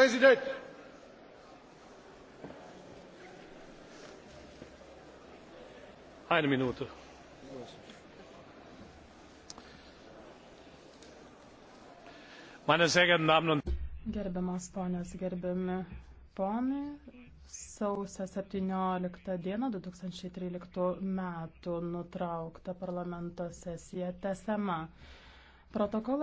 Präsident! Eine Minute. Meine sehr geehrten Damen und Gerbiamas ponios, gerbiami ponai, sausio 17 dieną 2013 metų nutraukta parlamento sesija tesama. Protokolas